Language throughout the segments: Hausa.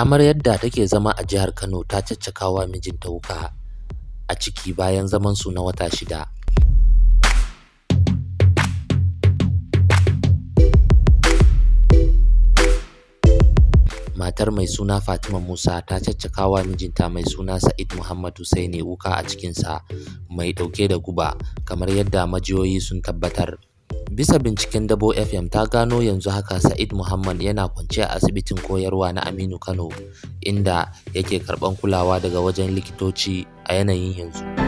Amaryar da take zama a jihar Kano ta caccakawa mijinta wuka a ciki bayan zaman su na wata shida. Matar mai suna Fatima Musa ta caccakawa mijinta mai suna Sa'id Muhammad Husaini wuka a cikinsa mai ɗauke da guba kamar yadda majiyoyi sun tabbatar. Bisa binciken Dabo FM ta gano yanzu haka Sa'id Muhammad yana kwance a asibitin koyarwa na Aminu Kano, inda yake karɓan kulawa daga wajen likitoci a yanayin yanzu.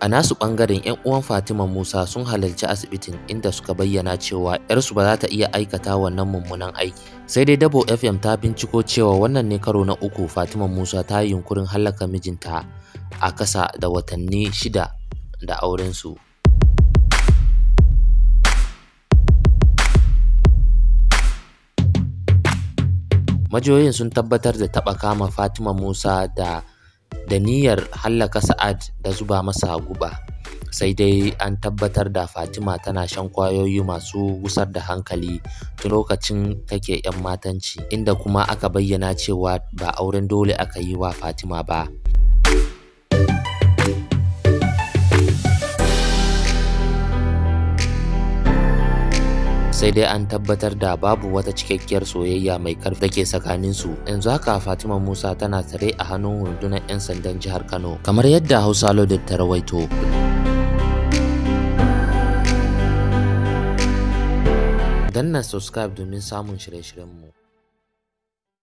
A nasu ɓangaren 'yan uwan Fatima Musa sun halarci asibitin inda suka bayyana cewa 'yarsu ba za ta iya aikata wannan mummunan aiki. Sai dai Dabo FM ta binciko cewa wannan ne karo na uku Fatima Musa ta yi yunkurin hallaka mijinta a kasa da watanni shida da aurensu. Majoyin sun tabbatar da taɓa kama Fatima Musa da da niyyar hallaka Sa'ad da zuba masa guba, sai dai an tabbatar da Fatima tana shan kwayoyi masu gusar da hankali tun lokacin take 'yan matanci, inda kuma aka bayyana cewa ba auren dole aka yi wa Fatima ba. sai dai an tabbatar da babu wata cikakkiyar soyayya mai karfi dake tsakanin su yanzu haka fatima musa tana tare a hannun rundunar 'yan sandan jihar kano kamar yadda hausa lodin ta rawaito danna subscribe domin samun shirye shiryen mu